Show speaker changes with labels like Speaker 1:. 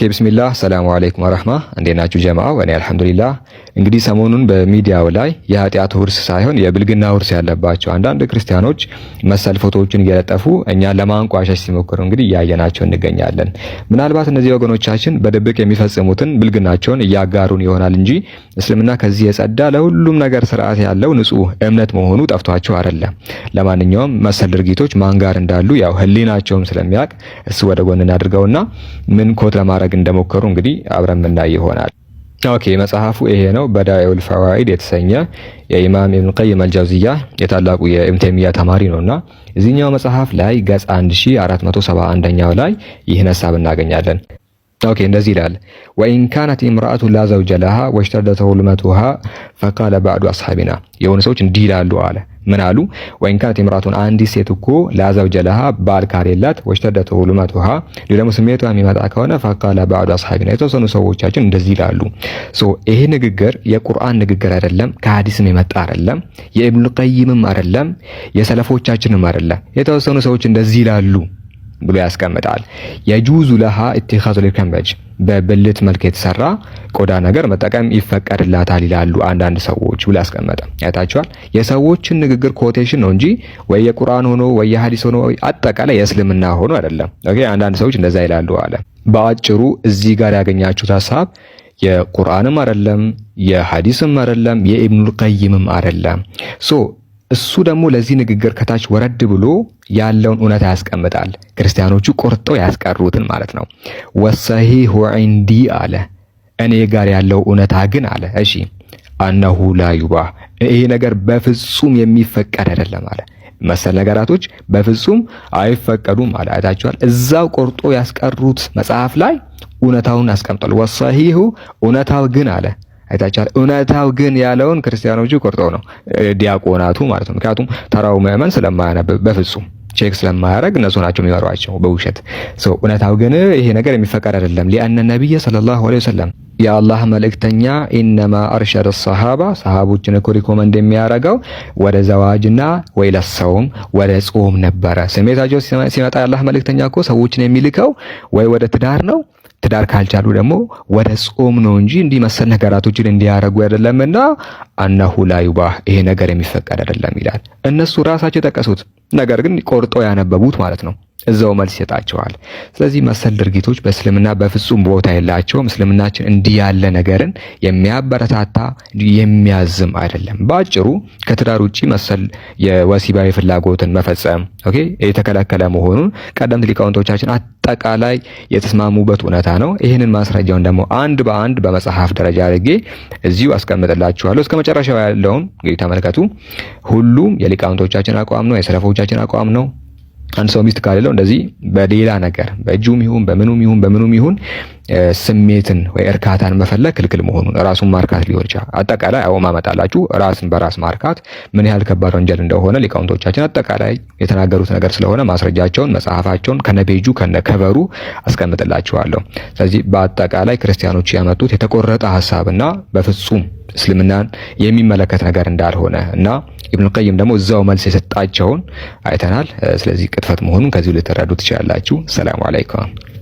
Speaker 1: ኦኬ ብስሚላህ ሰላሙ አለይኩም ወረህማ እንዴት ናችሁ ጀማዓ? ወኔ አልሐምዱሊላህ። እንግዲህ ሰሞኑን በሚዲያው ላይ የኃጢአት ውርስ ሳይሆን የብልግና ውርስ ያለባቸው አንዳንድ ክርስቲያኖች መሰል ፎቶዎችን እየለጠፉ እኛን ለማንቋሸሽ ሲሞክሩ እንግዲህ እያየናቸው እንገኛለን። ምናልባት እነዚህ ወገኖቻችን በድብቅ የሚፈጽሙትን ብልግናቸውን እያጋሩን ይሆናል እንጂ እስልምና ከዚህ የጸዳ ለሁሉም ነገር ስርዓት ያለው ንጹህ እምነት መሆኑ ጠፍቷቸው አይደለም። ለማንኛውም መሰል ድርጊቶች ማን ጋር እንዳሉ ያው ህሊናቸውም ስለሚያውቅ እሱ ወደ ጎን እናድርገውና ምን ኮት ለማድረግ ለማድረግ እንደሞከሩ እንግዲህ አብረን ምናይ ይሆናል። ኦኬ መጽሐፉ ይሄ ነው። በዳኤል ፈዋኢድ የተሰኘ የኢማም ኢብን ቀይም አልጃውዚያ የታላቁ የኢብን ተይሚያ ተማሪ ነውና እዚህኛው መጽሐፍ ላይ ገጽ 1471ኛው ላይ ይህን ሀሳብ እናገኛለን። ኦኬ እንደዚህ ይላል። ወኢን ካነት እምራአቱ ላ ዘውጀ ለሃ ወሽተደት ሁልመቱሃ ፈቃለ ባዕዱ አስሓቢና የሆኑ ሰዎች እንዲህ ይላሉ አለ። ምን አሉ? ወኢን ካነት እምራአቱን አንዲት ሴት እኮ ላ ዘውጀ ለሃ ባል ካሌላት ወሽተደት ሁልመቱሃ ሌላ ደግሞ ስሜቷ የሚመጣ ከሆነ ፈቃለ ባዕዱ አስሓቢና የተወሰኑ ሰዎቻችን እንደዚህ ይላሉ። ሶ ይሄ ንግግር የቁርአን ንግግር አይደለም፣ ከሀዲስም የመጣ አይደለም፣ የኢብኑ ቀይምም አይደለም፣ የሰለፎቻችንም አይደለም። የተወሰኑ ሰዎች እንደዚህ ይላሉ ብሎ ያስቀምጣል። የጁዙ ለሃ ኢትኻዙ ልከንበጅ በብልት መልክ የተሰራ ቆዳ ነገር መጠቀም ይፈቀድላታል ይላሉ አንዳንድ ሰዎች ብሎ ያስቀመጠ አይታችኋል። የሰዎችን ንግግር ኮቴሽን ነው እንጂ ወይ የቁርአን ሆኖ ወይ የሐዲስ ሆኖ አጠቃላይ የእስልምና ሆኖ አይደለም። ኦኬ አንዳንድ ሰዎች እንደዛ ይላሉ አለ። በአጭሩ እዚህ ጋር ያገኛችሁት ሀሳብ የቁርአንም አይደለም የሐዲስም አይደለም የኢብኑል ቀይምም አይደለም ሶ እሱ ደግሞ ለዚህ ንግግር ከታች ወረድ ብሎ ያለውን እውነታ ያስቀምጣል። ክርስቲያኖቹ ቆርጠው ያስቀሩትን ማለት ነው። ወሰሂሁ ዒንዲ አለ እኔ ጋር ያለው እውነታ ግን አለ እሺ አነሁ ዩባ ይሄ ነገር በፍጹም የሚፈቀድ አይደለም አለ። መሰል ነገራቶች በፍጹም አይፈቀዱም አለ። አይታችኋል። እዛው ቆርጦ ያስቀሩት መጽሐፍ ላይ እውነታውን አስቀምጧል። ወሰሂሁ እውነታው ግን አለ አይታችኋል። እውነታው ግን ያለውን ክርስቲያኖቹ ቆርጠው ነው ዲያቆናቱ ማለት ነው። ምክንያቱም ተራው ምዕመን ስለማያነብ በፍጹም ቼክ ስለማያደርግ እነሱ ናቸው የሚመሯቸው በውሸት ሰው። እውነታው ግን ይሄ ነገር የሚፈቀድ አይደለም። ሊአነ ነቢይ ሰለላሁ ዐለይሂ ወሰለም የአላህ መልእክተኛ ኢነማ አርሸደ ሰሃባ ሰሃቦችን እኮ ሪኮመንድ የሚያደርገው ወደ ዘዋጅና ወይ ለሰውም ወደ ጾም ነበረ። ስሜታቸው ሲመጣ የአላህ መልእክተኛ እኮ ሰዎችን የሚልከው ወይ ወደ ትዳር ነው ትዳር ካልቻሉ ደግሞ ወደ ጾም ነው እንጂ እንዲመሰል ነገራቶችን እንዲያደርጉ አይደለምና አናሁ ላዩባህ ይሄ ነገር የሚፈቀድ አይደለም ይላል። እነሱ ራሳቸው የጠቀሱት ነገር ግን ቆርጠው ያነበቡት ማለት ነው። እዛው መልስ ይሰጣቸዋል። ስለዚህ መሰል ድርጊቶች በእስልምና በፍጹም ቦታ የላቸውም። እስልምናችን እንዲህ ያለ ነገርን የሚያበረታታ የሚያዝም አይደለም። በአጭሩ ከትዳር ውጭ መሰል የወሲባዊ ፍላጎትን መፈጸም ኦኬ የተከለከለ መሆኑን ቀደምት ሊቃውንቶቻችን አጠቃላይ የተስማሙበት እውነታ ነው። ይህንን ማስረጃውን ደግሞ አንድ በአንድ በመጽሐፍ ደረጃ አድርጌ እዚሁ አስቀምጥላችኋለሁ። እስከ መጨረሻው ያለውን እንግዲህ ተመልከቱ። ሁሉም የሊቃውንቶቻችን አቋም ነው፣ የሰለፎቻችን አቋም ነው። አንድ ሰው ሚስት ካሌለው እንደዚህ በሌላ ነገር በእጁም ይሁን በምኑም ይሁን በምኑም ይሁን ስሜትን ወይ እርካታን መፈለግ ክልክል መሆኑን ራሱን ማርካት ሊሆን ይችላል። አጠቃላይ አዎ ማመጣላችሁ ራስን በራስ ማርካት ምን ያህል ከባድ ወንጀል እንደሆነ ሊቃውንቶቻችን አጠቃላይ የተናገሩት ነገር ስለሆነ ማስረጃቸውን መጽሐፋቸውን ከነቤጁ ከነከበሩ አስቀምጥላችኋለሁ። ስለዚህ በአጠቃላይ ክርስቲያኖች ያመጡት የተቆረጠ ሀሳብና በፍጹም እስልምናን የሚመለከት ነገር እንዳልሆነ እና ኢብኑ ቀይም ደግሞ እዛው መልስ የሰጣቸውን አይተናል። ስለዚህ ቅጥፈት መሆኑን ከዚሁ ልትረዱ ትችላላችሁ። ሰላሙ አለይኩም።